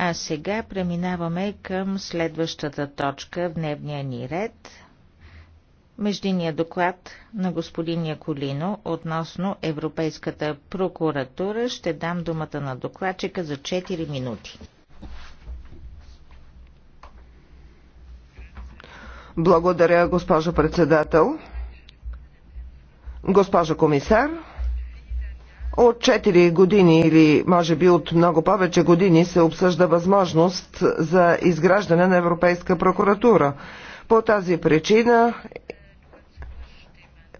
А сега преминаваме към следващата точка в дневния ни ред. Междиния доклад на господин Яколино относно Европейската прокуратура ще дам думата на докладчика за 4 минути. Благодаря, госпожо председател. Госпожо комисар, от 4 години или може би от много повече години се обсъжда възможност за изграждане на Европейска прокуратура. По тази причина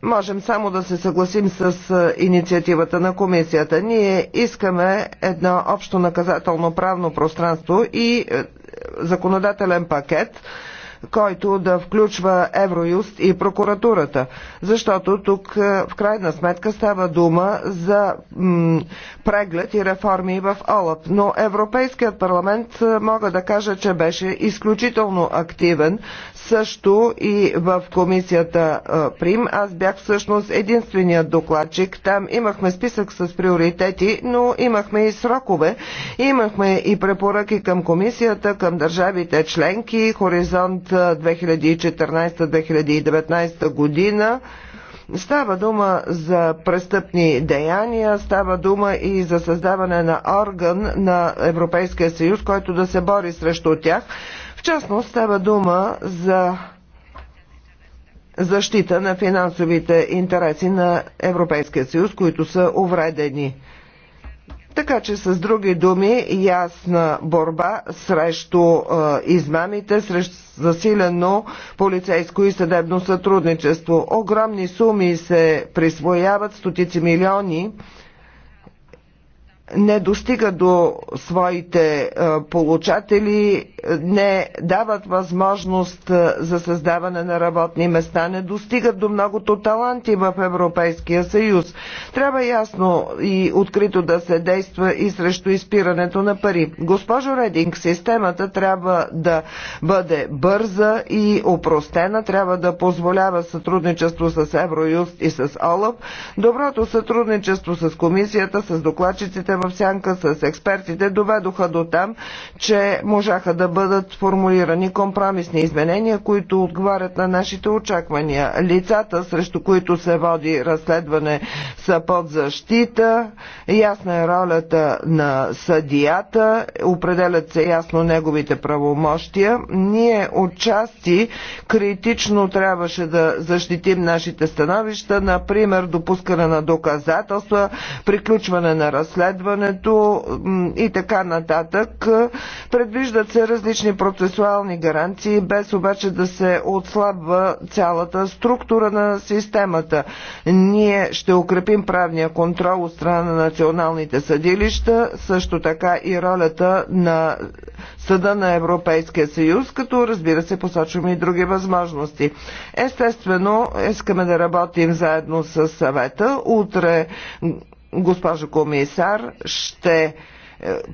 можем само да се съгласим с инициативата на комисията. Ние искаме едно общо наказателно правно пространство и законодателен пакет, който да включва Евроюст и прокуратурата. Защото тук е, в крайна сметка става дума за преглед и реформи в ОЛАП. Но Европейският парламент е, мога да кажа, че беше изключително активен също и в комисията е, Прим. Аз бях всъщност единственият докладчик. Там имахме списък с приоритети, но имахме и срокове. Имахме и препоръки към комисията, към държавите членки, хоризонт 2014-2019 година. Става дума за престъпни деяния, става дума и за създаване на орган на Европейския съюз, който да се бори срещу тях. В частност става дума за защита на финансовите интереси на Европейския съюз, които са увредени. Така че с други думи ясна борба срещу измамите, срещу засилено полицейско и съдебно сътрудничество. Огромни суми се присвояват, стотици милиони не достига до своите получатели, не дават възможност за създаване на работни места, не достигат до многото таланти в Европейския съюз. Трябва ясно и открито да се действа и срещу изпирането на пари. Госпожо Рединг, системата трябва да бъде бърза и упростена, трябва да позволява сътрудничество с Евроюст и с ОЛАФ, доброто сътрудничество с комисията, с докладчиците в сянка с експертите доведоха до там, че можаха да бъдат формулирани компромисни изменения, които отговарят на нашите очаквания. Лицата, срещу които се води разследване, са под защита. Ясна е ролята на съдията. Определят се ясно неговите правомощия. Ние отчасти критично трябваше да защитим нашите становища, например допускане на доказателства, приключване на разследване, разследването и така нататък. Предвиждат се различни процесуални гаранции, без обаче да се отслабва цялата структура на системата. Ние ще укрепим правния контрол от страна на националните съдилища, също така и ролята на Съда на Европейския съюз, като разбира се посочваме и други възможности. Естествено, искаме да работим заедно с съвета. Утре госпожо комисар, ще е,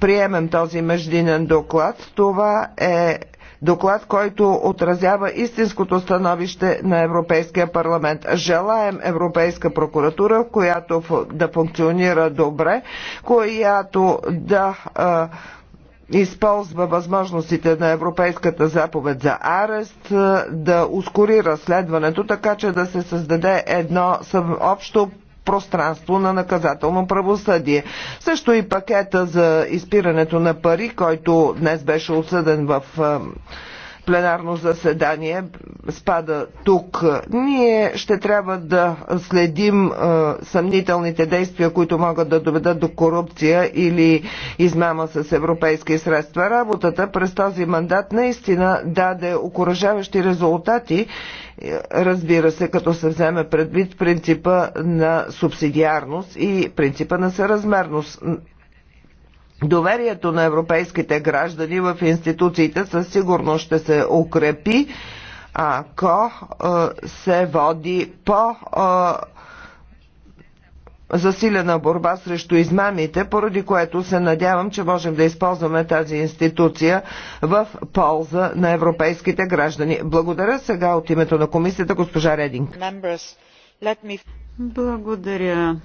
приемем този междинен доклад. Това е доклад, който отразява истинското становище на Европейския парламент. Желаем Европейска прокуратура, която да функционира добре, която да а, използва възможностите на Европейската заповед за арест, да ускори разследването, така че да се създаде едно общо пространство на наказателно правосъдие. Също и пакета за изпирането на пари, който днес беше осъден в пленарно заседание спада тук. Ние ще трябва да следим е, съмнителните действия, които могат да доведат до корупция или измама с европейски средства. Работата през този мандат наистина даде окоръжаващи резултати, е, разбира се, като се вземе предвид принципа на субсидиарност и принципа на съразмерност доверието на европейските граждани в институциите със сигурност ще се укрепи, ако се води по засилена борба срещу измамите, поради което се надявам, че можем да използваме тази институция в полза на европейските граждани. Благодаря сега от името на комисията госпожа Рединг. Благодаря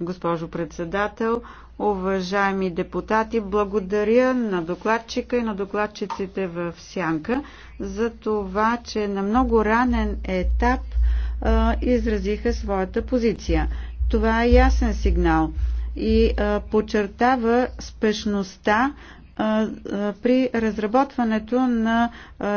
госпожо председател, уважаеми депутати. Благодаря на докладчика и на докладчиците в Сянка за това, че на много ранен етап а, изразиха своята позиция. Това е ясен сигнал и а, подчертава спешността при разработването на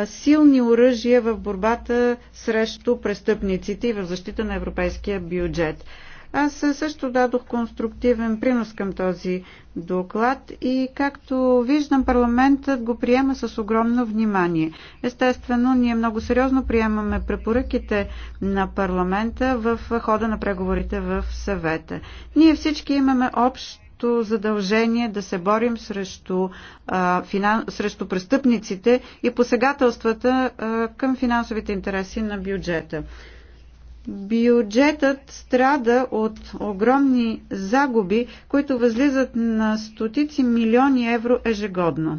силни оръжия в борбата срещу престъпниците и в защита на европейския бюджет. Аз също дадох конструктивен принос към този доклад и както виждам парламентът го приема с огромно внимание. Естествено, ние много сериозно приемаме препоръките на парламента в хода на преговорите в съвета. Ние всички имаме общ задължение да се борим срещу, а, финан... срещу престъпниците и посегателствата а, към финансовите интереси на бюджета. Бюджетът страда от огромни загуби, които възлизат на стотици милиони евро ежегодно.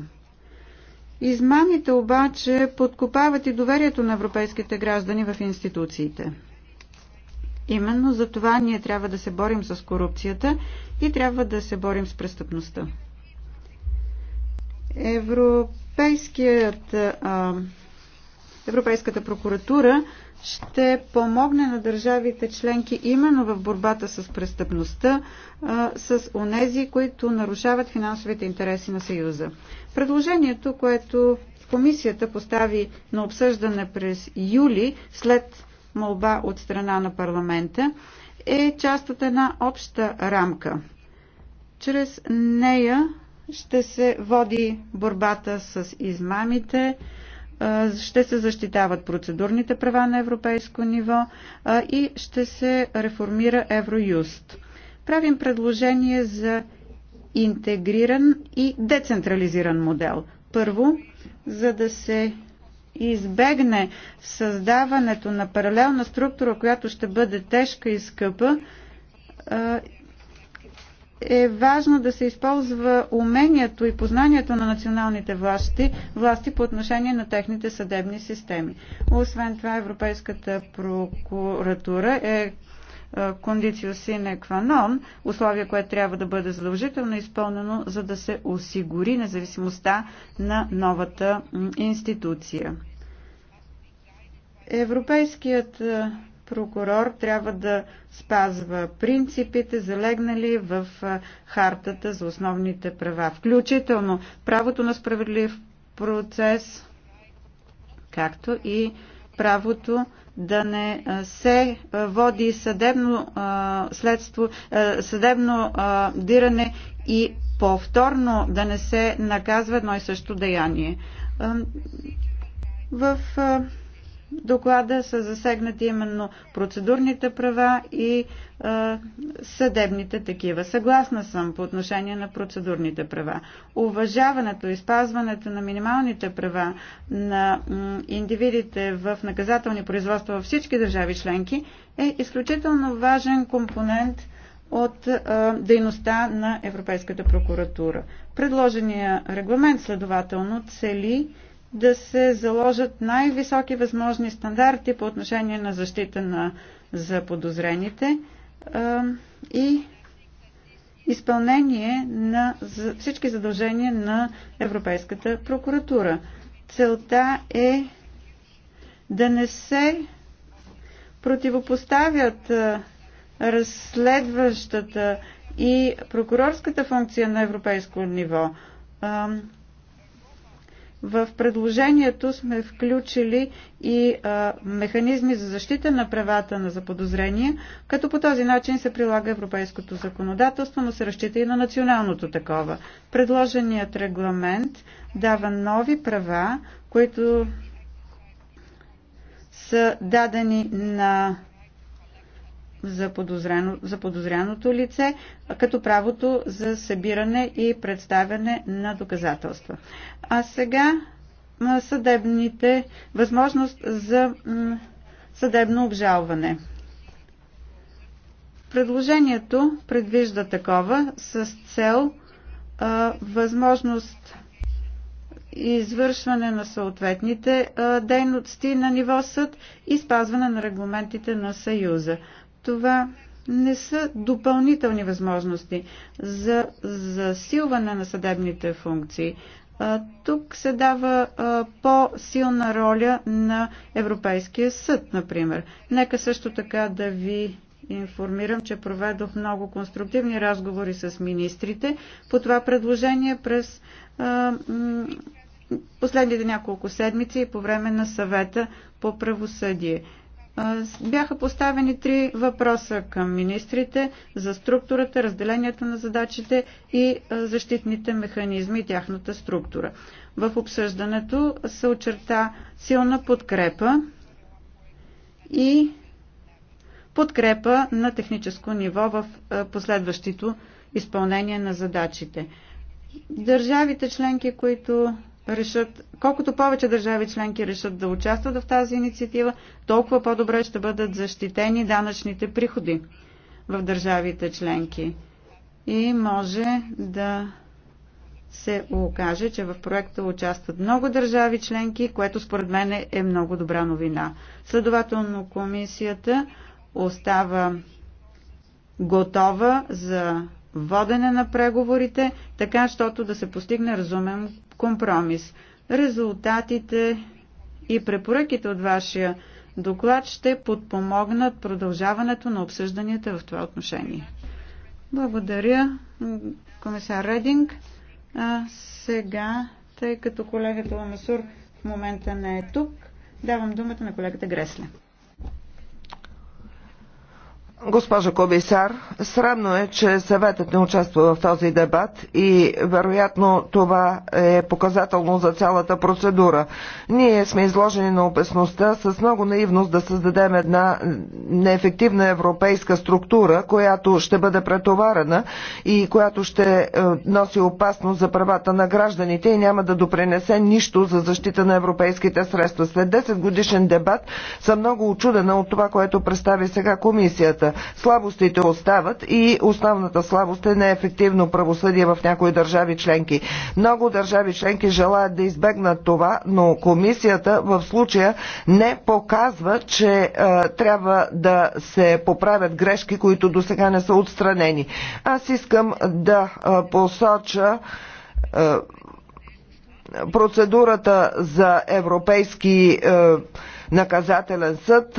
Измамите обаче подкопават и доверието на европейските граждани в институциите. Именно за това ние трябва да се борим с корупцията и трябва да се борим с престъпността. Европейският, а, Европейската прокуратура ще помогне на държавите членки именно в борбата с престъпността, с онези, които нарушават финансовите интереси на Съюза. Предложението, което комисията постави на обсъждане през юли, след молба от страна на парламента, е част от една обща рамка. Чрез нея ще се води борбата с измамите, ще се защитават процедурните права на европейско ниво и ще се реформира Евроюст. Правим предложение за интегриран и децентрализиран модел. Първо, за да се избегне създаването на паралелна структура, която ще бъде тежка и скъпа, е важно да се използва умението и познанието на националните власти, власти по отношение на техните съдебни системи. Освен това, Европейската прокуратура е, е кондицио sine qua non, условие, което трябва да бъде задължително изпълнено, за да се осигури независимостта на новата институция. Европейският е, прокурор трябва да спазва принципите, залегнали в хартата за основните права, включително правото на справедлив процес, както и правото да не се води съдебно следство, съдебно диране и повторно да не се наказва едно и също деяние. В доклада са засегнати именно процедурните права и е, съдебните такива. Съгласна съм по отношение на процедурните права. Уважаването и спазването на минималните права на индивидите в наказателни производства във всички държави членки е изключително важен компонент от а, е, дейността на Европейската прокуратура. Предложения регламент следователно цели да се заложат най-високи възможни стандарти по отношение на защита на заподозрените и изпълнение на всички задължения на Европейската прокуратура. Целта е да не се противопоставят разследващата и прокурорската функция на европейско ниво. В предложението сме включили и а, механизми за защита на правата на заподозрение, като по този начин се прилага европейското законодателство, но се разчита и на националното такова. Предложеният регламент дава нови права, които са дадени на за, подозряно, за подозряното лице, като правото за събиране и представяне на доказателства. А сега съдебните възможност за съдебно обжалване. Предложението предвижда такова с цел а, възможност извършване на съответните дейности на ниво съд и спазване на регламентите на Съюза. Това не са допълнителни възможности за засилване на съдебните функции. Тук се дава по-силна роля на Европейския съд, например. Нека също така да ви информирам, че проведох много конструктивни разговори с министрите по това предложение през последните няколко седмици и по време на съвета по правосъдие бяха поставени три въпроса към министрите за структурата, разделението на задачите и защитните механизми и тяхната структура. В обсъждането се очерта силна подкрепа и подкрепа на техническо ниво в последващото изпълнение на задачите. Държавите членки, които решат, колкото повече държави членки решат да участват в тази инициатива, толкова по-добре ще бъдат защитени данъчните приходи в държавите членки. И може да се окаже, че в проекта участват много държави членки, което според мен е много добра новина. Следователно комисията остава готова за водене на преговорите, така, щото да се постигне разумен компромис. Резултатите и препоръките от вашия доклад ще подпомогнат продължаването на обсъжданията в това отношение. Благодаря, комисар Рединг. А сега, тъй като колегата Ламасур в момента не е тук, давам думата на колегата Гресле. Госпожо комисар, срамно е, че съветът не участва в този дебат и вероятно това е показателно за цялата процедура. Ние сме изложени на опасността с много наивност да създадем една неефективна европейска структура, която ще бъде претоварена и която ще е, носи опасност за правата на гражданите и няма да допринесе нищо за защита на европейските средства. След 10 годишен дебат съм много очудена от това, което представи сега комисията. Слабостите остават и основната слабост е неефективно правосъдие в някои държави членки. Много държави членки желаят да избегнат това, но комисията в случая не показва, че е, трябва да се поправят грешки, които до сега не са отстранени. Аз искам да е, посоча е, процедурата за европейски е, наказателен съд,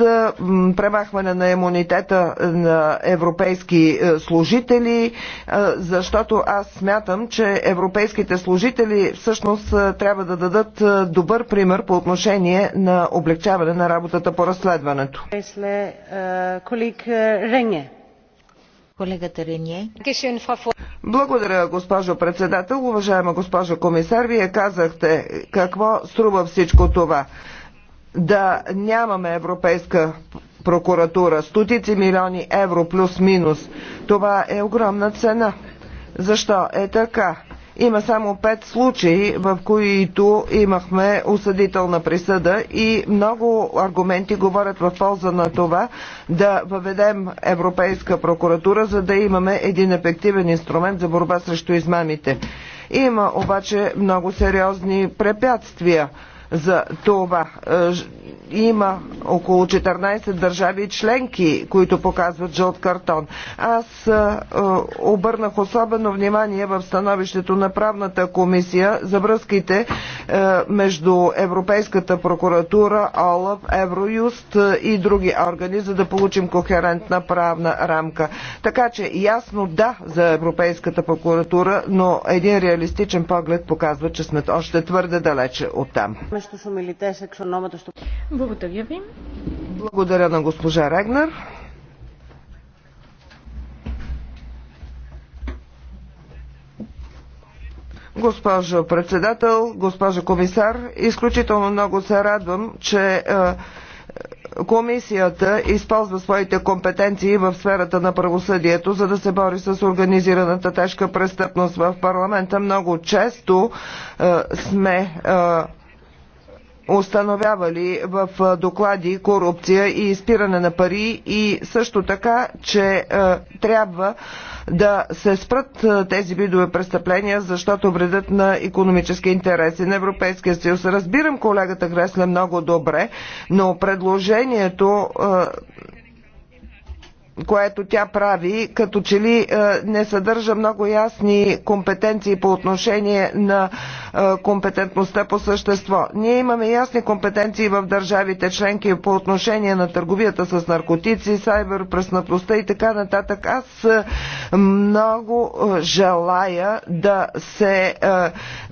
премахване на имунитета на европейски е, служители, защото аз смятам, че европейските служители всъщност трябва да дадат добър пример по отношение на облегчаване на работата по разследването. Колегата Благодаря, госпожо председател. Уважаема госпожо комисар, вие казахте какво струва всичко това да нямаме европейска прокуратура. Стотици милиони евро плюс-минус. Това е огромна цена. Защо е така? Има само пет случаи, в които имахме осъдителна присъда и много аргументи говорят в полза на това да въведем Европейска прокуратура, за да имаме един ефективен инструмент за борба срещу измамите. Има обаче много сериозни препятствия за това. Е, има около 14 държави членки, които показват жълт картон. Аз е, е, обърнах особено внимание в становището на правната комисия за връзките между Европейската прокуратура, ОЛАВ, Евроюст и други органи, за да получим кохерентна правна рамка. Така че ясно да за Европейската прокуратура, но един реалистичен поглед показва, че сме още твърде далече от там στους ομιλητές εξ ονόματος του... Благодаря ви. Благодаря на госпожа Регнер. Госпожо председател, госпожо комисар, изключително много се радвам, че е, Комисията използва своите компетенции в сферата на правосъдието, за да се бори с организираната тежка престъпност в парламента. Много често е, сме е, установявали в доклади корупция и изпиране на пари и също така, че е, трябва да се спрат тези видове престъпления, защото вредят на економически интереси на Европейския съюз. Разбирам колегата Гресле много добре, но предложението е, което тя прави, като че ли е, не съдържа много ясни компетенции по отношение на е, компетентността по същество. Ние имаме ясни компетенции в държавите членки по отношение на търговията с наркотици, сайберпръснатостта и така нататък. Аз е, много желая да се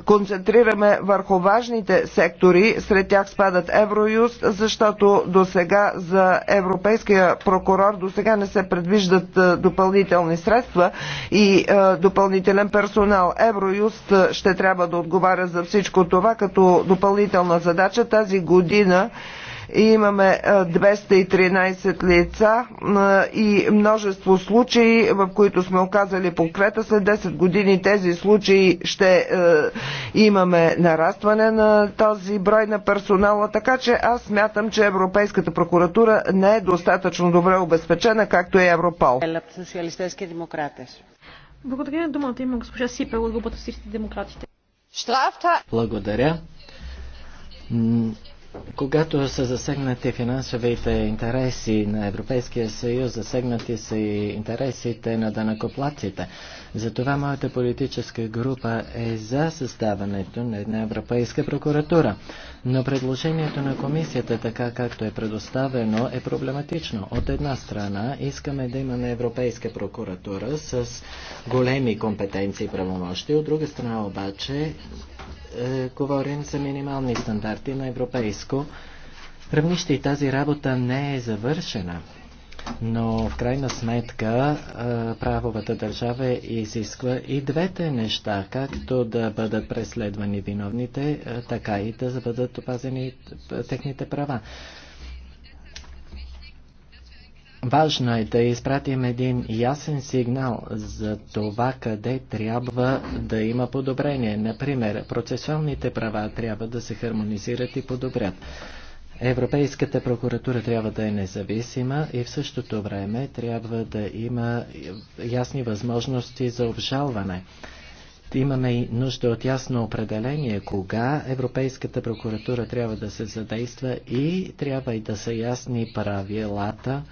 концентрираме върху важните сектори, сред тях спадат Евроюст, защото до сега за европейския прокурор до сега не се предвиждат допълнителни средства и допълнителен персонал. Евроюст ще трябва да отговаря за всичко това като допълнителна задача. Тази година Имаме 213 лица и множество случаи, в които сме оказали покрета. След 10 години тези случаи ще имаме нарастване на този брой на персонала, така че аз смятам, че Европейската прокуратура не е достатъчно добре обезпечена, както е Европол. Благодаря. на Думата има госпожа Сипел от групата си демократите. Благодаря когато са засегнати финансовите интереси на Европейския съюз, засегнати са и интересите на данакоплатците. Затова моята политическа група е за създаването на една Европейска прокуратура. Но предложението на комисията, така както е предоставено, е проблематично. От една страна искаме да имаме Европейска прокуратура с големи компетенции и правомощи, от друга страна обаче е, говорим за минимални стандарти на европейско равнище и тази работа не е завършена. Но в крайна сметка е, правовата държава изисква и двете неща, както да бъдат преследвани виновните, е, така и да бъдат опазени техните права. Важно е да изпратим един ясен сигнал за това къде трябва да има подобрение. Например, процесуалните права трябва да се хармонизират и подобрят. Европейската прокуратура трябва да е независима и в същото време трябва да има ясни възможности за обжалване. Имаме и нужда от ясно определение кога Европейската прокуратура трябва да се задейства и трябва и да са ясни правилата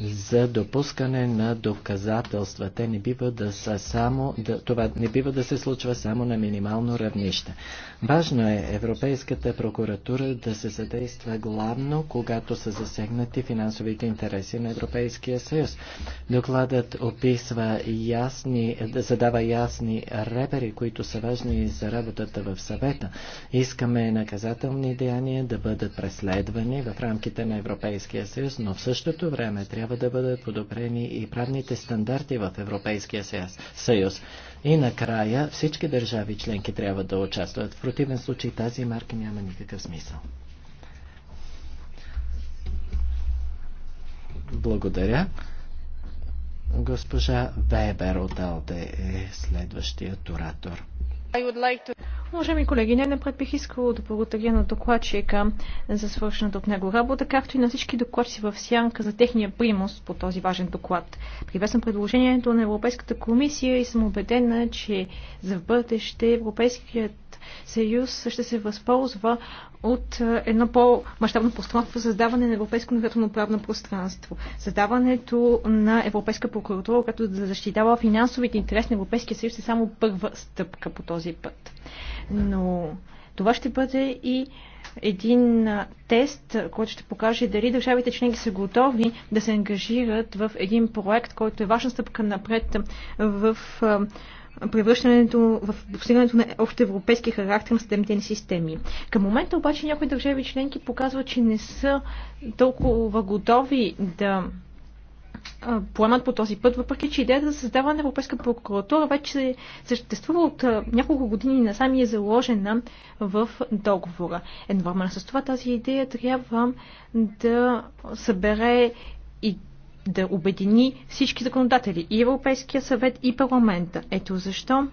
за допускане на доказателства. Те не бива да са само, да, това не бива да се случва само на минимално равнище. Важно е Европейската прокуратура да се задейства главно, когато са засегнати финансовите интереси на Европейския съюз. Докладът описва ясни, задава ясни репери, които са важни за работата в съвета. Искаме наказателни деяния да бъдат преследвани в рамките на Европейския съюз, но в същото време трябва да бъдат подобрени и правните стандарти в Европейския съюз. И накрая всички държави членки трябва да участват. В противен случай тази марка няма никакъв смисъл. Благодаря. Госпожа Вебер от Алде е следващият оратор. Like to... Уважаеми колеги, не напред бих искала да благодаря на докладчика за свършената от него работа, както и на всички докладчици в Сянка за техния примус по този важен доклад. Привесвам предложението на Европейската комисия и съм убедена, че за в бъдеще Европейският съюз ще се възползва от е, едно по-масштабно пространство създаване на европейско наказателно правно пространство. Създаването на Европейска прокуратура, която да защитава финансовите интереси на Европейския съюз е само първа стъпка по този път. Но това ще бъде и един тест, който ще покаже дали държавите членки са готови да се ангажират в един проект, който е важна стъпка напред в превръщането в постигането на общо европейски характер на съдебните ни системи. Към момента обаче някои държави членки показват, че не са толкова готови да поемат по този път, въпреки че идеята за създаване на Европейска прокуратура вече съществува от няколко години насам и е заложена в договора. Едновременно с това тази идея трябва да събере и да обедини всички законодатели и Европейския съвет и парламента. Ето защо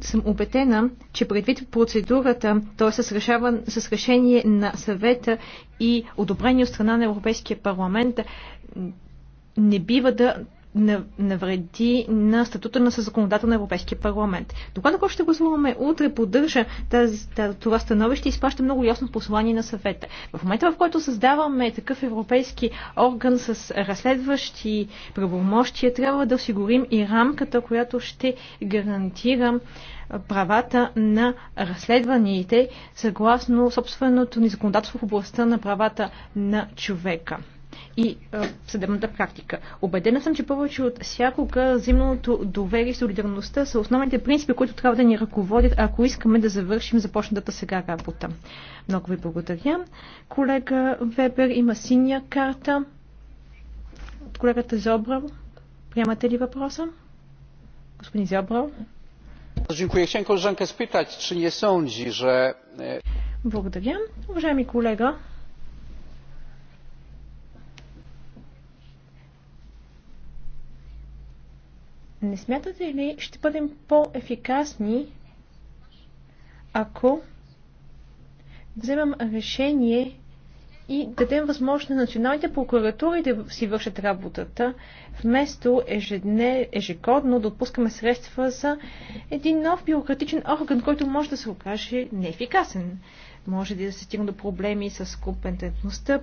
съм убедена, че предвид процедурата, т.е. С, с решение на съвета и одобрение от страна на Европейския парламент, не бива да навреди на статута на законодател на Европейския парламент. Докладът, който ще гласуваме утре, поддържа тази, това становище и изпраща много ясно послание на съвета. В момента, в който създаваме такъв европейски орган с разследващи правомощия, трябва да осигурим и рамката, която ще гарантира правата на разследваните съгласно собственото ни законодателство в областта на правата на човека и съдебната практика. Обедена съм, че повече от всякога взаимното доверие и солидарността са основните принципи, които трябва да ни ръководят, ако искаме да завършим започнатата сега работа. Много ви благодаря. Колега Вебер има синя карта. От колегата Зобрал. Приемате ли въпроса? Господин Зобрал. E, благодаря. Уважаеми колега, Не смятате ли, ще бъдем по-ефикасни, ако вземам решение и дадем възможност на националните прокуратури да си вършат работата, вместо ежедне, ежегодно да отпускаме средства за един нов бюрократичен орган, който може да се окаже неефикасен може да се стигне до проблеми с компетентността,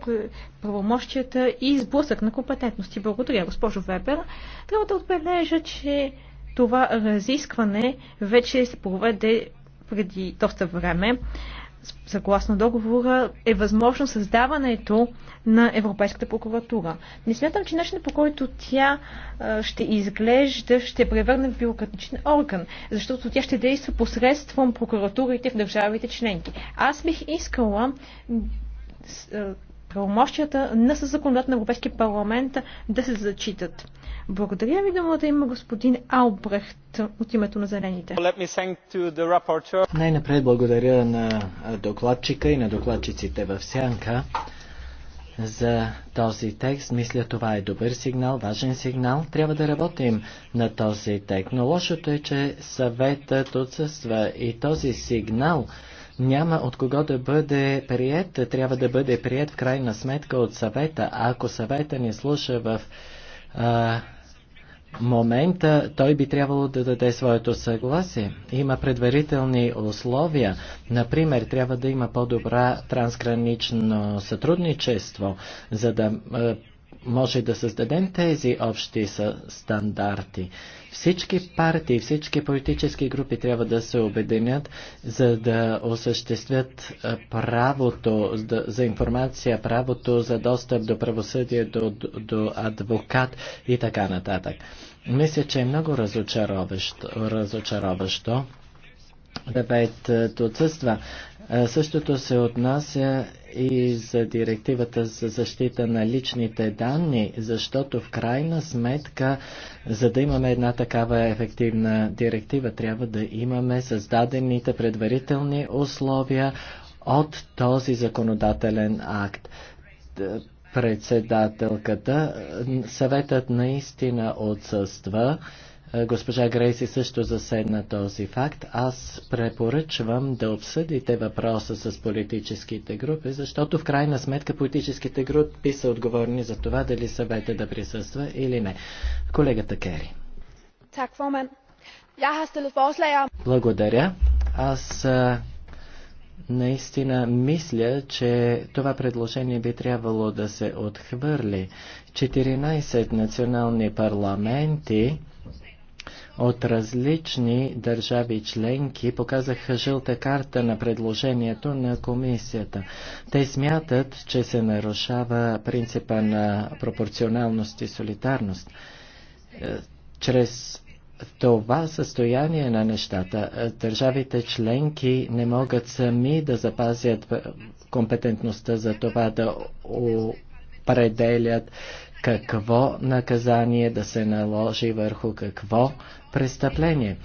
правомощията и сблъсък на компетентности. Благодаря, госпожо Вебер. Трябва да отбележа, че това разискване вече се проведе преди доста време съгласно договора, е възможно създаването на Европейската прокуратура. Не смятам, че начинът по който тя ще изглежда, ще превърне в бюрократичен орган, защото тя ще действа посредством прокуратурите в държавите членки. Аз бих искала правомощията на съзаконодател на Европейския парламент да се зачитат. Благодаря ви, думата да има господин Албрехт от името на Зелените. Най-напред благодаря на докладчика и на докладчиците в Сянка за този текст. Мисля, това е добър сигнал, важен сигнал. Трябва да работим на този текст. Но лошото е, че съветът отсъства и този сигнал няма от кого да бъде прият, трябва да бъде прият в крайна сметка от съвета. А ако съвета ни слуша в а, момента, той би трябвало да даде своето съгласие. Има предварителни условия. Например, трябва да има по-добра трансгранично сътрудничество, за да може да създадем тези общи стандарти. Всички партии, всички политически групи трябва да се обединят, за да осъществят правото за информация, правото за достъп до правосъдие, до, до адвокат и така нататък. Мисля, че е много разочароващо, разочароващо. Девет отсъства. Същото се отнася и за директивата за защита на личните данни, защото в крайна сметка, за да имаме една такава ефективна директива, трябва да имаме създадените предварителни условия от този законодателен акт председателката. Съветът наистина отсъства. Е, госпожа Грейси също заседна този факт. Аз препоръчвам да обсъдите въпроса с политическите групи, защото в крайна сметка политическите групи са отговорни за това дали съвета да присъства или не. Колегата Кери. Благодаря. Аз наистина мисля, че това предложение би трябвало да се отхвърли. 14 национални парламенти от различни държави членки показаха жълта карта на предложението на комисията. Те смятат, че се нарушава принципа на пропорционалност и солидарност. Е, чрез това състояние на нещата, е, държавите членки не могат сами да запазят е, компетентността за това да определят какво наказание да се наложи върху какво престъпление.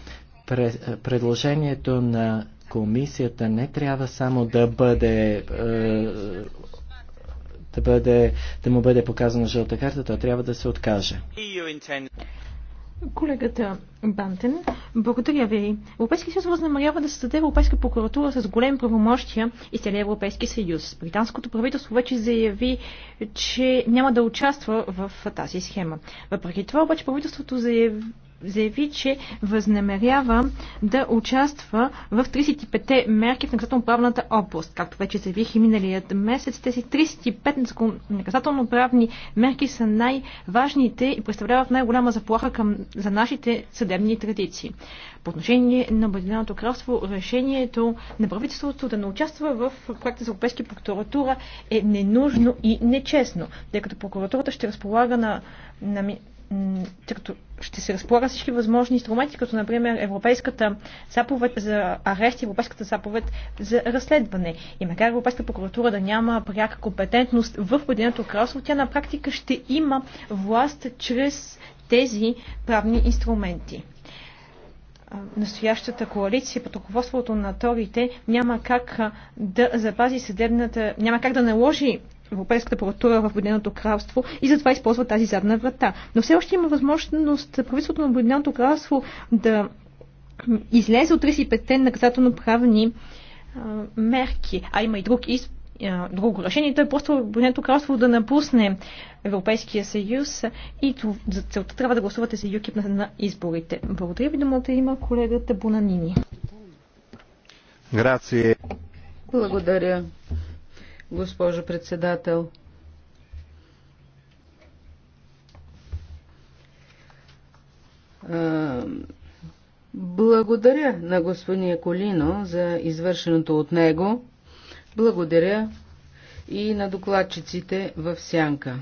Е, предложението на комисията не трябва само да бъде е, да, бъде, да му бъде показана жълта карта, той трябва да се откаже. Колегата Бантен, благодаря ви. Европейския съюз възнамерява да създаде Европейска прокуратура с големи правомощия и целия Европейски съюз. Британското правителство вече заяви, че няма да участва в тази схема. Въпреки това, обаче правителството заяви заяви, че възнамерява да участва в 35-те мерки в наказателно-правната област. Както вече заявих и миналият месец, тези 35 наказателно-правни мерки са най-важните и представляват най-голяма заплаха към, за нашите съдебни традиции. По отношение на Обединеното кралство, решението на правителството да не участва в проекта за Европейски прокуратура е ненужно и нечестно, тъй като прокуратурата ще разполага на, на тъй като ще се разполага всички възможни инструменти, като например Европейската заповед за арест и Европейската заповед за разследване. И макар Европейската прокуратура да няма пряка компетентност в Обединеното кралство, тя на практика ще има власт чрез тези правни инструменти настоящата коалиция под ръководството на торите няма как да запази съдебната, няма как да наложи Европейската прокуратура в Обединеното кралство и затова използва тази задна врата. Но все още има възможност правителството на Обединеното кралство да излезе от 35-те наказателно-правни мерки, а има и друг из, а, друго решение. Той е просто Обединеното кралство да напусне Европейския съюз и за целта трябва да гласувате за ЮКИП на, на изборите. Благодаря ви, думата има колегата Бонанини. Грация. Благодаря госпожо председател. Благодаря на господин Колино за извършеното от него. Благодаря и на докладчиците в Сянка.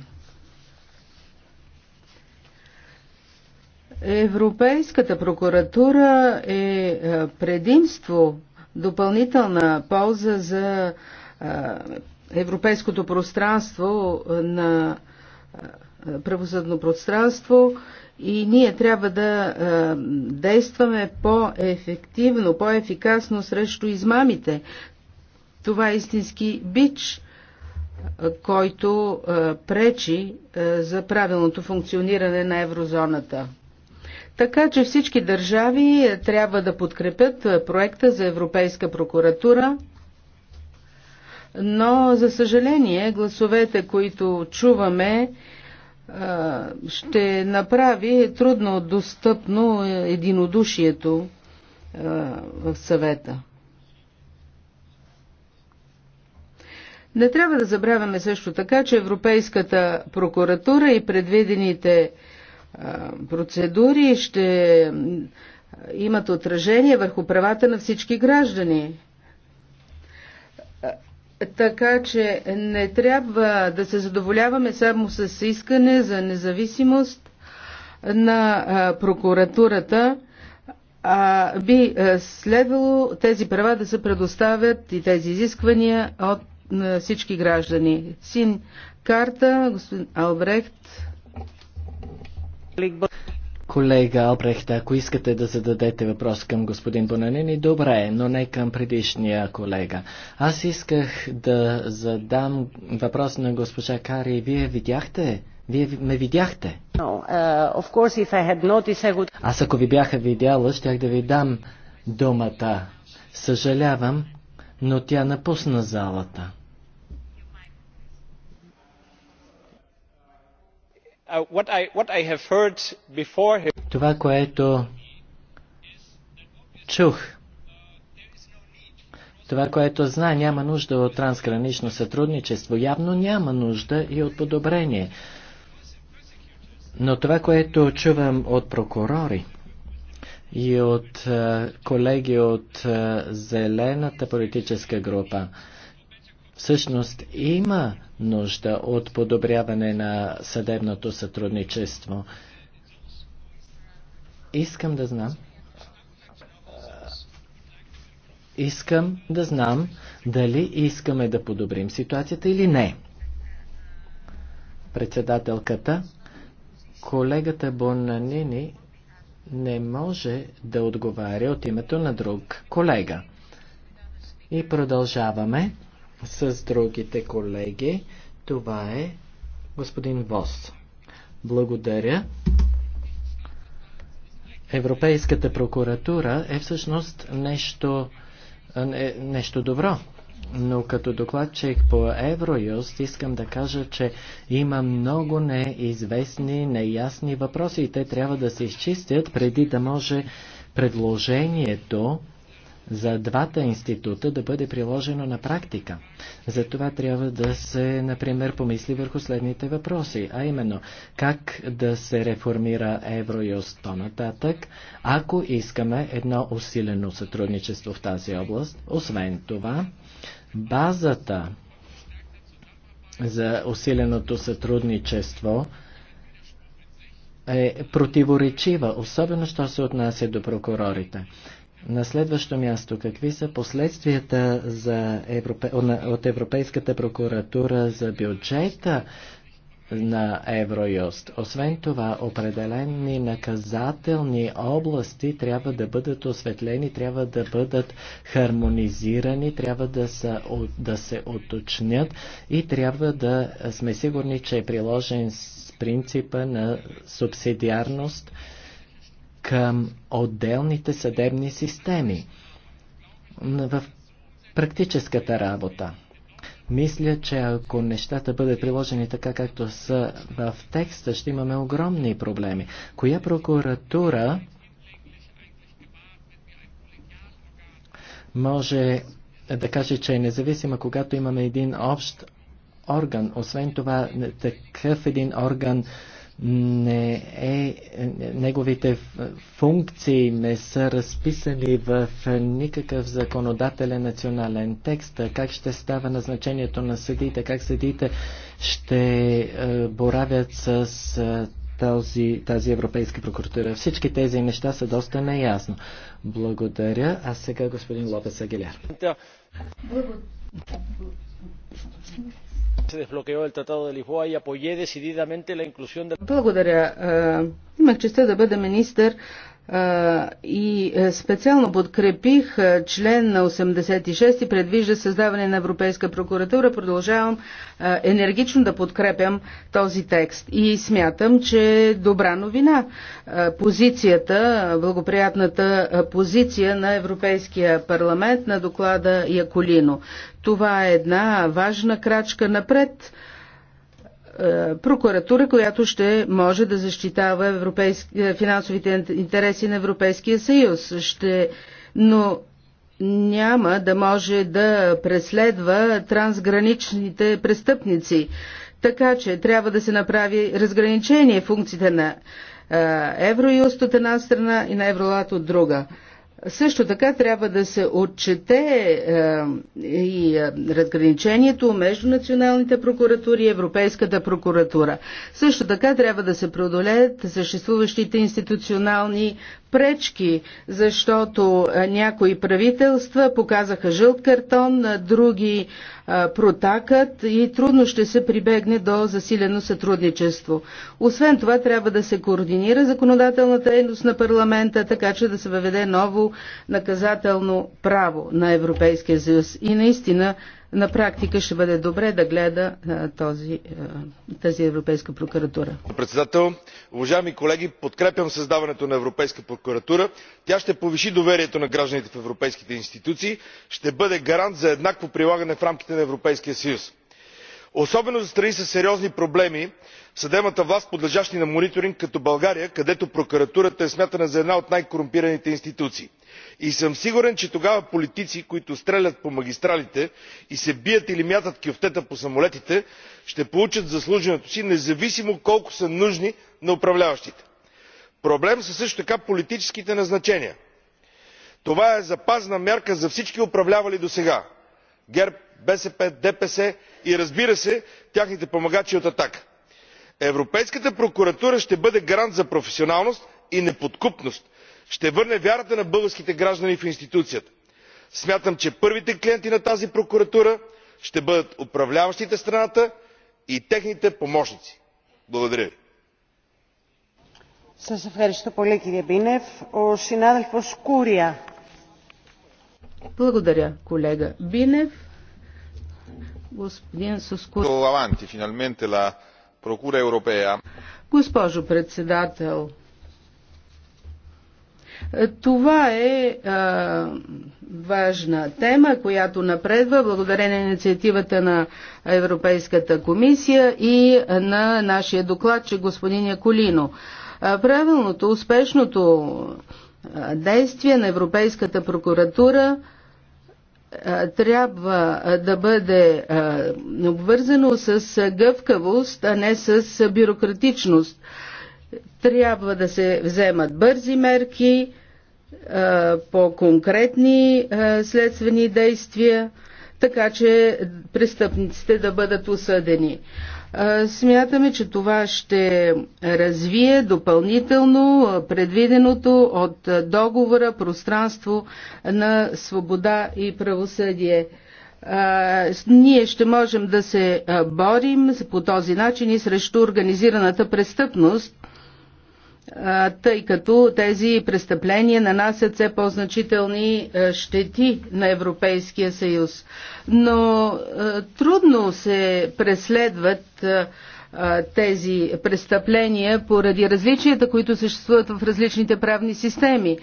Европейската прокуратура е предимство, допълнителна полза за европейското пространство на правосъдно пространство и ние трябва да действаме по-ефективно, по-ефикасно срещу измамите. Това е истински бич, който пречи за правилното функциониране на еврозоната. Така че всички държави трябва да подкрепят проекта за Европейска прокуратура но за съжаление гласовете, които чуваме, ще направи трудно достъпно единодушието в съвета. Не трябва да забравяме също така, че Европейската прокуратура и предвидените процедури ще имат отражение върху правата на всички граждани. Така че не трябва да се задоволяваме само с искане за независимост на прокуратурата, а би следвало тези права да се предоставят и тези изисквания от всички граждани. Син карта, господин Албрехт. Колега Обрехта, ако искате да зададете въпрос към господин Бонанини, добре, но не към предишния колега. Аз исках да задам въпрос на госпожа Кари. Вие видяхте? Вие ме видяхте? No, uh, course, noticed, would... Аз ако ви бяха видяла, щях да ви дам думата. Съжалявам, но тя напусна залата. Uh, това, което чух, това, което знае, няма нужда от трансгранично сътрудничество. Явно няма нужда и от подобрение. Но това, което чувам от прокурори и от е, колеги от е, зелената политическа група, Всъщност има нужда от подобряване на съдебното сътрудничество. Искам да знам. Искам да знам дали искаме да подобрим ситуацията или не. Председателката, колегата Бонанини не може да отговаря от името на друг колега. И продължаваме с другите колеги. Това е господин Вос. Благодаря. Европейската прокуратура е всъщност нещо, не, нещо добро. Но като докладчик по Евроюст искам да кажа, че има много неизвестни, неясни въпроси и те трябва да се изчистят преди да може предложението за двата института да бъде приложено на практика. За това трябва да се, например, помисли върху следните въпроси, а именно как да се реформира Евроюст по-нататък, ако искаме едно усилено сътрудничество в тази област. Освен това, базата за усиленото сътрудничество е противоречива, особено що се отнася до прокурорите. На следващо място, какви са последствията за Европе... от Европейската прокуратура за бюджета на Евроюст? Освен това, определени наказателни области трябва да бъдат осветлени, трябва да бъдат хармонизирани, трябва да, са, да се оточнят и трябва да сме сигурни, че е приложен с принципа на субсидиарност към отделните съдебни системи в практическата работа. Мисля, че ако нещата бъдат приложени така, както са в текста, ще имаме огромни проблеми. Коя прокуратура може да каже, че е независима, когато имаме един общ орган. Освен това, такъв един орган не е, неговите функции не са разписани в никакъв законодателен национален текст. Как ще става назначението на съдите, как съдите ще е, боравят с е, тази, тази Европейска прокуратура. Всички тези неща са доста неясно. Благодаря. А сега господин Лопес Агиляр. Благодаря. Благодаря. Е, имах честа да бъда министър и е, специално подкрепих е, член на 86 и предвижда създаване на Европейска прокуратура. Продължавам е, енергично да подкрепям този текст и смятам, че е добра новина. Позицията, благоприятната позиция на Европейския парламент на доклада Яколино. Това е една важна крачка напред прокуратура, която ще може да защитава европейски, е, финансовите интереси на Европейския съюз. Ще, но няма да може да преследва трансграничните престъпници. Така че трябва да се направи разграничение функциите на е, Евроюст от една страна и на Евролат от друга. Също така трябва да се отчете е, и е, разграничението между националните прокуратури и Европейската прокуратура. Също така трябва да се преодолеят съществуващите институционални пречки, защото е, някои правителства показаха жълт картон, други протакат и трудно ще се прибегне до засилено сътрудничество. Освен това, трябва да се координира законодателната дейност на парламента, така че да се въведе ново наказателно право на Европейския съюз. И наистина на практика ще бъде добре да гледа този, тази Европейска прокуратура. Председател, уважаеми колеги, подкрепям създаването на Европейска прокуратура. Тя ще повиши доверието на гражданите в европейските институции, ще бъде гарант за еднакво прилагане в рамките на Европейския съюз. Особено за страни с сериозни проблеми съдебната власт подлежащи на мониторинг като България, където прокуратурата е смятана за една от най корумпираните институции. и съм сигурен че тогава политици които стрелят по магистралите и се бият или мятат кюфтета по самолетите ще получат заслуженото си независимо колко са нужни на управляващите. проблем са също така политическите назначения. това е запазна мярка за всички управлявали досега – герб бсп ДПС и разбира се техните помагачи от европейската прокуратура ще бъде гарант за професионалност и неподкупност ще върне вярата на българските граждани в институцията. смятам че първите клиенти на тази прокуратура ще бъдат управляващите страната и техните помощници. благодаря ви. Благодаря, колега Бинев. Прокура Европея. Госпожо председател, това е а, е, важна тема, която напредва благодарение на инициативата на Европейската комисия и на нашия докладчик господин Яколино. А, е, правилното, успешното е, действие на Европейската прокуратура а, трябва да бъде обвързано с гъвкавост, а не с бюрократичност. Трябва да се вземат бързи мерки по конкретни следствени действия, така че престъпниците да бъдат осъдени. Смятаме, че това ще развие допълнително предвиденото от договора пространство на свобода и правосъдие. Ние ще можем да се борим по този начин и срещу организираната престъпност, тъй като тези престъпления нанасят все по-значителни щети на Европейския съюз. Но трудно се преследват тези престъпления поради различията, които съществуват в различните правни системи.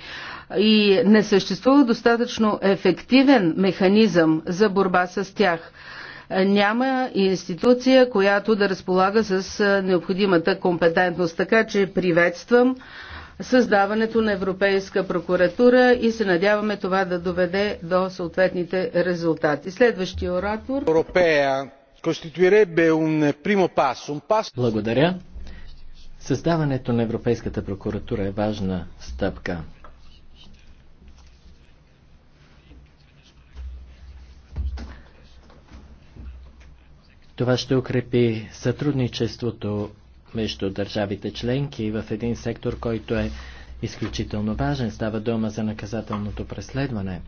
И не съществува достатъчно ефективен механизъм за борба с тях няма институция, която да разполага с необходимата компетентност. Така че приветствам създаването на Европейска прокуратура и се надяваме това да доведе до съответните резултати. Следващия оратор. Европея costituirebbe un primo passo, un passo... Благодаря. Създаването на Европейската прокуратура е важна стъпка. Това ще укрепи сътрудничеството между държавите членки в един сектор, който е изключително важен. Става дума за наказателното преследване.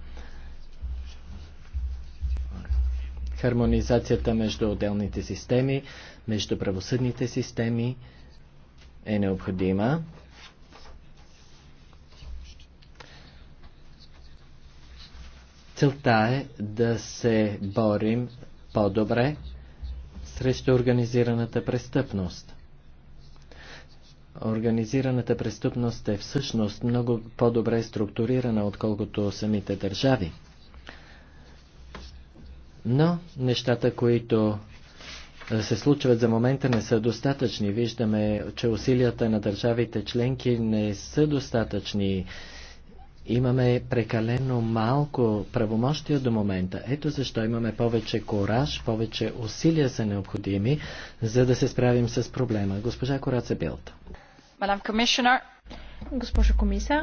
Хармонизацията между отделните системи, между правосъдните системи е необходима. Целта е да се борим по-добре срещу организираната престъпност. Организираната престъпност е всъщност много по-добре структурирана, отколкото самите държави. Но нещата, които се случват за момента не са достатъчни. Виждаме, че усилията на държавите членки не са достатъчни имаме прекалено малко правомощия до момента. Ето защо имаме повече кораж, повече усилия са необходими, за да се справим с проблема. Госпожа Кораца Билта. Мадам комисионер. Госпожа комисар.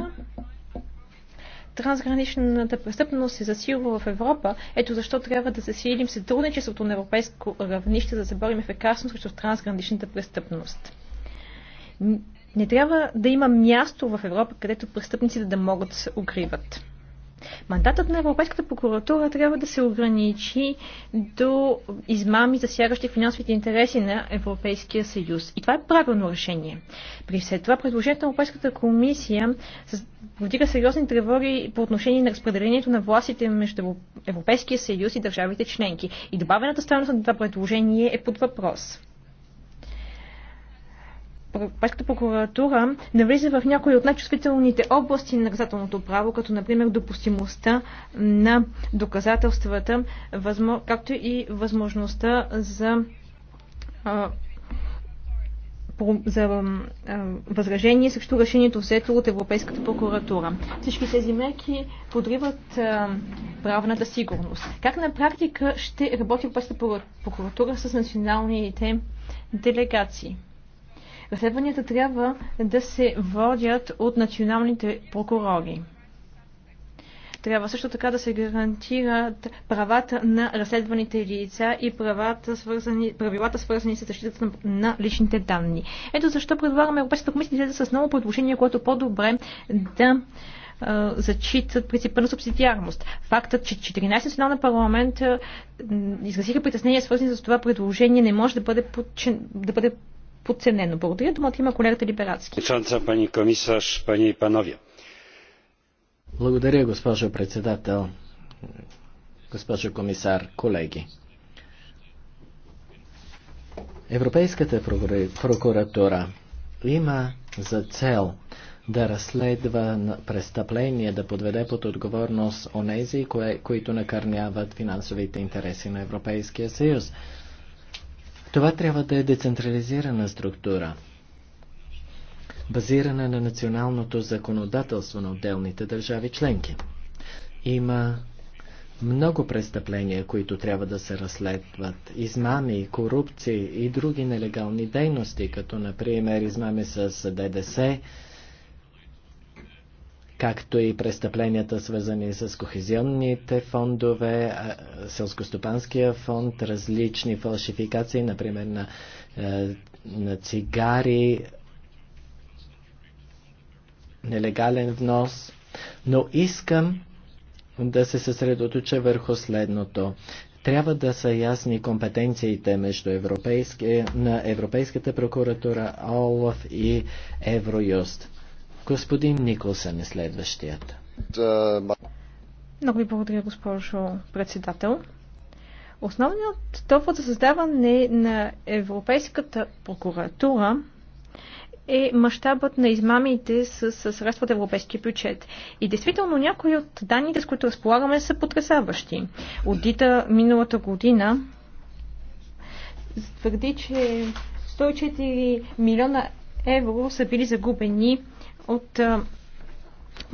Трансграничната престъпност се засилва в Европа. Ето защо трябва да засилим сътрудничеството на европейско равнище, за да се борим ефикасно срещу трансграничната престъпност не трябва да има място в Европа, където престъпниците да могат да се укриват. Мандатът на Европейската прокуратура трябва да се ограничи до измами, засягащи финансовите интереси на Европейския съюз. И това е правилно решение. При след това предложението на Европейската комисия повдига сериозни тревоги по отношение на разпределението на властите между Европейския съюз и държавите членки. И добавената стоеност на това предложение е под въпрос. Европейската прокуратура навлиза в някои от най-чувствителните области на наказателното право, като например допустимостта на доказателствата, както и възможността за за възражение срещу решението взето от Европейската прокуратура. Всички тези мерки подриват правната сигурност. Как на практика ще работи Европейската прокуратура с националните делегации? Разследванията трябва да се водят от националните прокурори. Трябва също така да се гарантират правата на разследваните лица и правата свързани, правилата свързани с защитата на личните данни. Ето защо предлагаме Европейската комисия да с ново предложение, което по-добре да зачитат принципа на субсидиарност. Фактът, че 14 национална парламента изразиха притеснения, свързани с това предложение, не може да бъде, подчин, да бъде подценено. Благодаря. Думата има колегата Либерацки. Пани комисаж, пани и панове. Благодаря, госпожо председател, госпожо комисар, колеги. Европейската прокуратура има за цел да разследва престъпления, да подведе под отговорност онези, които накърняват финансовите интереси на Европейския съюз. Това трябва да е децентрализирана структура, базирана на националното законодателство на отделните държави членки. Има много престъпления, които трябва да се разследват. Измами, корупции и други нелегални дейности, като например измами с ДДС, както и престъпленията, свързани с кохезионните фондове, селскостопанския фонд, различни фалшификации, например на, е, на цигари, нелегален внос. Но искам да се съсредоточа върху следното. Трябва да са ясни компетенциите между европейски, на Европейската прокуратура, ОЛАФ и Евроюст. Господин Николсън е следващият. Много ви благодаря, госпожо председател. Основният довод за създаване на Европейската прокуратура е мащабът на измамите с, с средства от европейския бюджет. И действително някои от данните, с които разполагаме, са потрясаващи. Одита миналата година твърди, че 104 милиона евро са били загубени от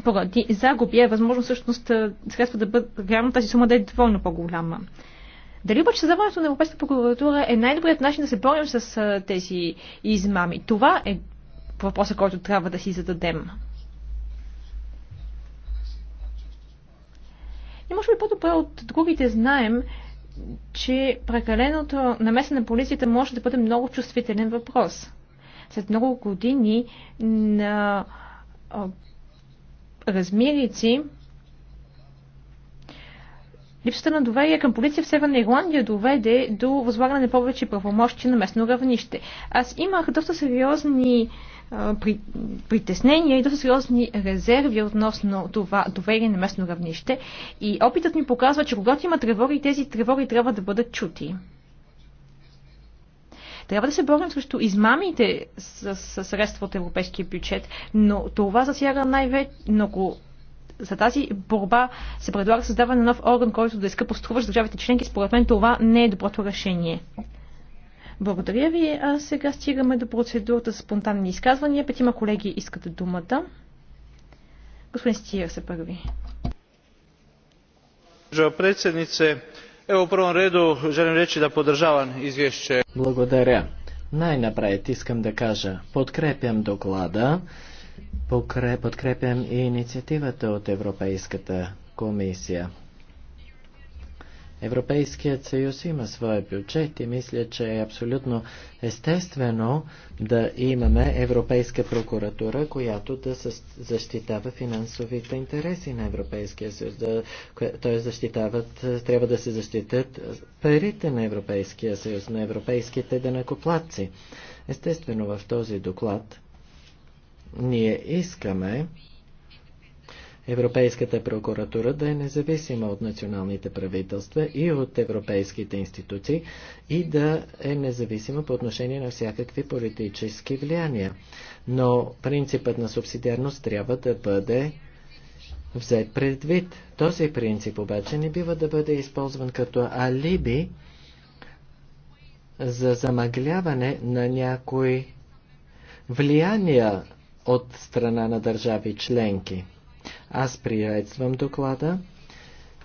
поради загуби е възможно всъщност средства да бъдат, реално тази сума да е двойно по-голяма. Дали обаче създаването на Европейска прокуратура е най-добрият начин да се борим с а, тези измами? Това е въпросът, който трябва да си зададем. И може би по-добре от другите знаем, че прекаленото намеса на полицията може да бъде много чувствителен въпрос след много години на размерици, Липсата на доверие към полиция в Северна Ирландия доведе до възлагане на повече правомощи на местно равнище. Аз имах доста сериозни а, при, притеснения и доста сериозни резерви относно това доверие на местно равнище и опитът ми показва, че когато има тревоги, тези тревоги трябва да бъдат чути. Трябва да се борим срещу измамите с, с средства от европейския бюджет, но това засяга най-вече много за тази борба се предлага създаване на нов орган, който да иска е поструваш държавите членки. Според мен това не е доброто решение. Благодаря ви. А сега стигаме до процедурата с спонтанни изказвания. Петима колеги искат думата. Господин Стиер се първи. Председнице, Evo u prvom redu želim reći da podržavam izvješće. Благодаря. Най-напред искам да кажа, подкрепям доклада, подкрепям и инициативата от Европейската комисия. Европейският съюз има своя бюджет и мисля, че е абсолютно естествено да имаме Европейска прокуратура, която да защитава финансовите интереси на Европейския съюз. Да, т.е. защитават, трябва да се защитят парите на Европейския съюз, на европейските денакоплатци. Естествено, в този доклад ние искаме Европейската прокуратура да е независима от националните правителства и от европейските институции и да е независима по отношение на всякакви политически влияния. Но принципът на субсидиарност трябва да бъде взет предвид. Този принцип обаче не бива да бъде използван като алиби за замъгляване на някои влияния от страна на държави членки. Аз приветствам доклада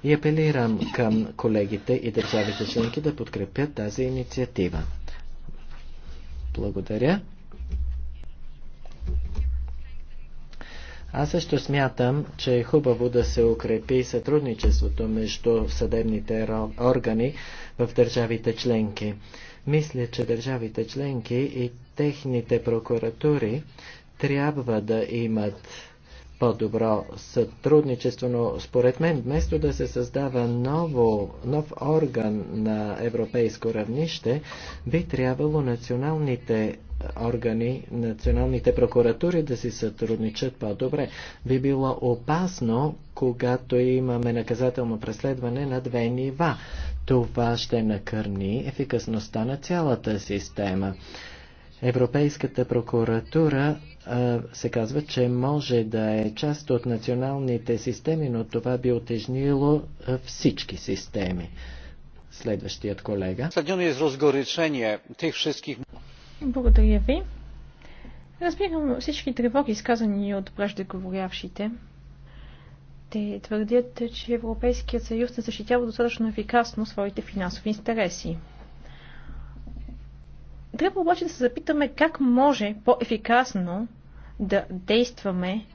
и апелирам към колегите и държавите членки да подкрепят тази инициатива. Благодаря. Аз също смятам, че е хубаво да се укрепи сътрудничеството между съдебните органи в държавите членки. Мисля, че държавите членки и техните прокуратури трябва да имат по-добро сътрудничество, но според мен, вместо да се създава ново, нов орган на европейско равнище, би трябвало националните органи, националните прокуратури да си сътрудничат по-добре. Би било опасно, когато имаме наказателно преследване на две нива. Това ще накърни ефикасността на цялата система. Европейската прокуратура а, се казва, че може да е част от националните системи, но това би отежнило всички системи. Следващият колега. Благодаря ви. Разбирам всички тревоги, изказани от преждеговорявшите. Те твърдят, че Европейският съюз не защитява достатъчно ефикасно своите финансови интереси. Трябва обаче да се запитаме как може по-ефикасно да действаме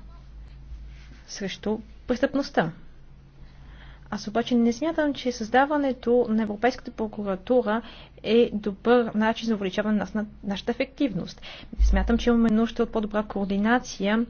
срещу престъпността. Аз обаче не смятам, че създаването на Европейската прокуратура е добър начин за увеличаване на нашата ефективност. Смятам, че имаме нужда от по-добра координация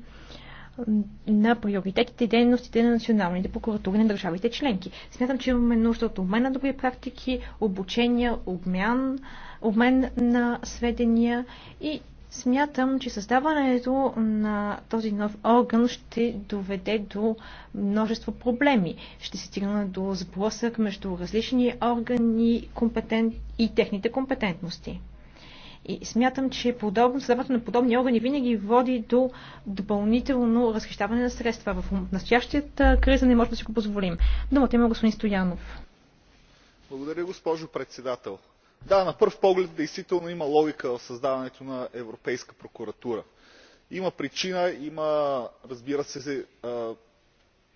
на приоритетите и дейностите на националните прокуратури на държавите членки. Смятам, че имаме нужда от обмен на добри практики, обучения, обмен, обмен на сведения и смятам, че създаването на този нов орган ще доведе до множество проблеми. Ще се стигна до сблъсък между различни органи компетент... и техните компетентности. И смятам, че подобно, създаването на подобни органи винаги води до допълнително разхищаване на средства. В настоящата криза не можем да си го позволим. Думата има господин Стоянов. Благодаря, госпожо председател. Да, на първ поглед действително има логика в създаването на Европейска прокуратура. Има причина, има, разбира се,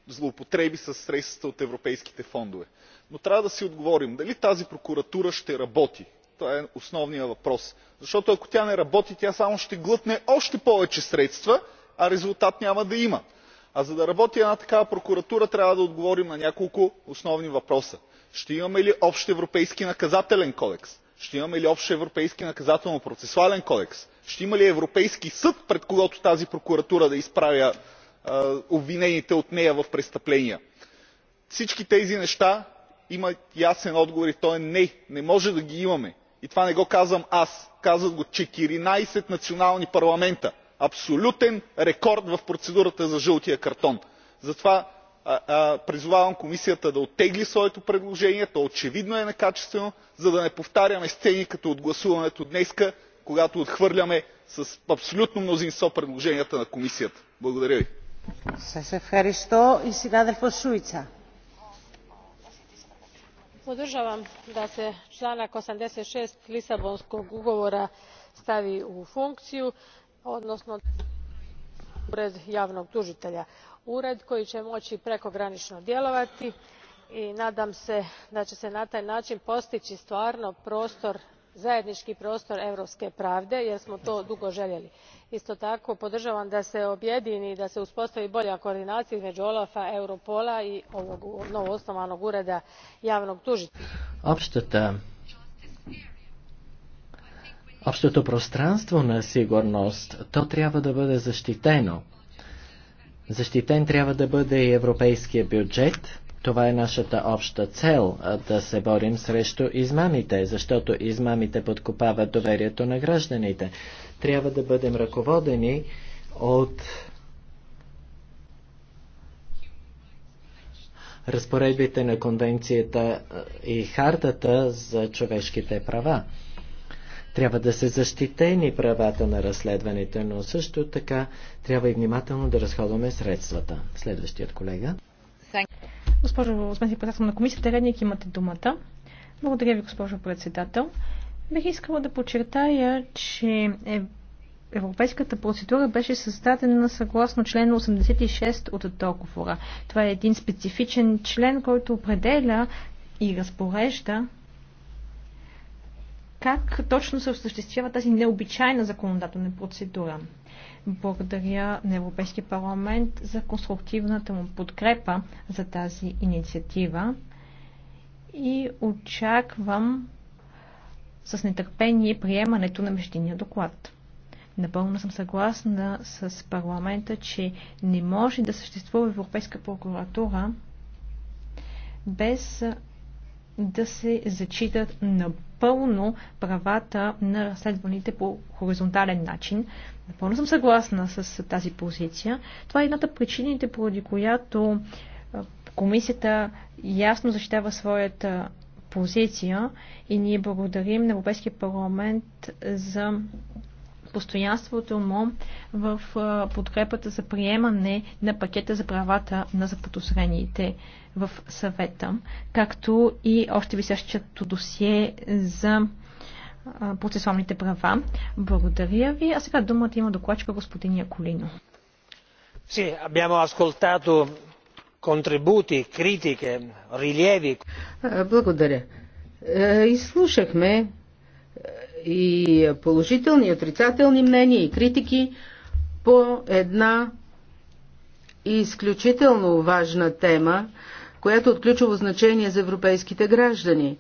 злоупотреби с средствата от европейските фондове. Но трябва да си отговорим дали тази прокуратура ще работи това е основният въпрос. защото ако тя не работи тя само ще глътне още повече средства а резултат няма да има. а за да работи една такава прокуратура трябва да отговорим на няколко основни въпроса. ще имаме ли общ европейски наказателен кодекс? ще имаме ли общ европейски наказателно процесуален кодекс? ще има ли европейски съд пред който тази прокуратура да изправя обвинените от нея в престъпления? на всички тези неща има ясен отговор и той е не. не може да ги имаме и това не го казвам аз казват го четиринадесет национални парламента абсолютен рекорд в процедурата за жълтия картон. затова призовавам комисията да оттегли своето предложение то очевидно е некачествено за да не повтаряме сцени като от гласуването днес когато отхвърляме с абсолютно мнозинство предложенията на комисията. благодаря ви podravam da se lanak eighty six lisabonskog ugovora stavi u funkciju odnosno da se osnuje ured javnog tuitelja ured koji e moi prekogranino djelovati i nadam se da e se na taj nain postii stvarno prostor zajedniki prostor europske pravde jer smo to dugo eljeli. isto tako podravam da se objedini i da se uspostavi bolja koordinacija izmeu olaf a europola i ovog novoosnovanog ureda javnog tuitelja. Общото пространство на сигурност, то трябва да бъде защитено. Защитен трябва да бъде и европейския бюджет, това е нашата обща цел да се борим срещу измамите, защото измамите подкопават доверието на гражданите. Трябва да бъдем ръководени от разпоредбите на конвенцията и хартата за човешките права. Трябва да се защитени правата на разследването, но също така трябва и внимателно да разходваме средствата. Следващият колега. Госпожо Смеси, председател на комисията, редник имате думата. Благодаря ви, госпожо председател. Бих искала да подчертая, че е Европейската процедура беше създадена съгласно член 86 от договора. Това е един специфичен член, който определя и разпорежда как точно се осъществява тази необичайна законодателна процедура. Благодаря на Европейския парламент за конструктивната му подкрепа за тази инициатива и очаквам с нетърпение приемането на междинния доклад. Напълно съм съгласна с парламента, че не може да съществува Европейска прокуратура без да се зачитат напълно напълно правата на разследваните по хоризонтален начин. Напълно съм съгласна с тази позиция. Това е едната причините, поради която комисията ясно защитава своята позиция и ние благодарим на Европейския парламент за постоянството му в подкрепата за приемане на пакета за правата на запотосрените в съвета, както и още висящото досие за процесуалните права. Благодаря ви. А сега думата има докладчика господин Яколино. Sì, abbiamo ascoltato contributi, critiche, rilievi. Благодаря. Е, Изслушахме и положителни, и отрицателни мнения, и критики по една изключително важна тема, която отключва от ключово значение за европейските граждани.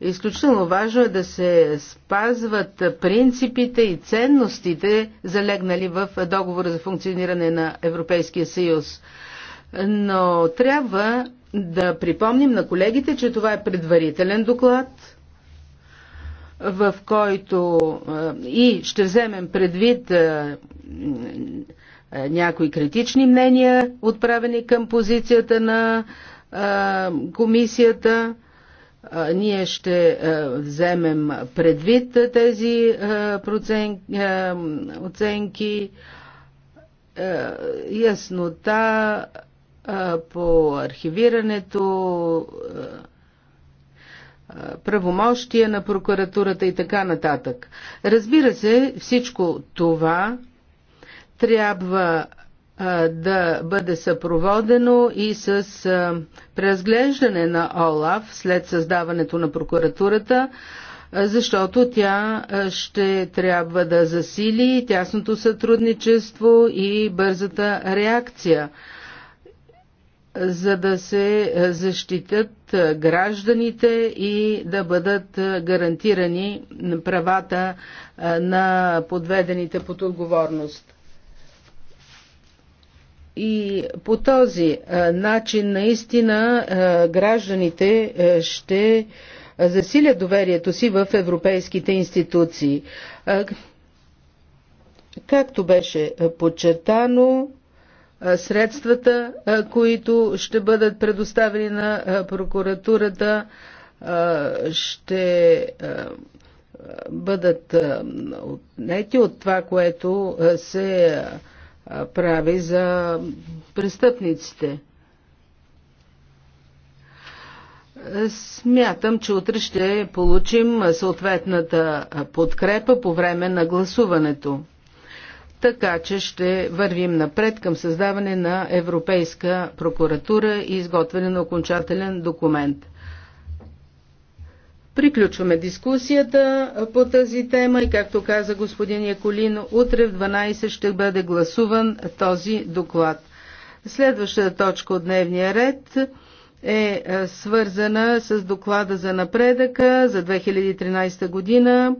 Изключително важно е да се спазват принципите и ценностите, залегнали в договора за функциониране на Европейския съюз. Но трябва да припомним на колегите, че това е предварителен доклад, в който е, и ще вземем предвид е, е, някои критични мнения, отправени към позицията на комисията. Ние ще вземем предвид тези оценки, яснота по архивирането, правомощия на прокуратурата и така нататък. Разбира се, всичко това трябва да бъде съпроводено и с преразглеждане на ОЛАВ след създаването на прокуратурата, защото тя ще трябва да засили тясното сътрудничество и бързата реакция за да се защитят гражданите и да бъдат гарантирани правата на подведените под отговорност. И по този начин наистина гражданите ще засилят доверието си в европейските институции. Както беше подчертано, средствата, които ще бъдат предоставени на прокуратурата, ще бъдат отнети от това, което се прави за престъпниците. Смятам, че утре ще получим съответната подкрепа по време на гласуването така че ще вървим напред към създаване на Европейска прокуратура и изготвяне на окончателен документ. Приключваме дискусията по тази тема и както каза господин Яколин, утре в 12 ще бъде гласуван този доклад. Следващата точка от дневния ред е, е свързана с доклада за напредъка за 2013 година.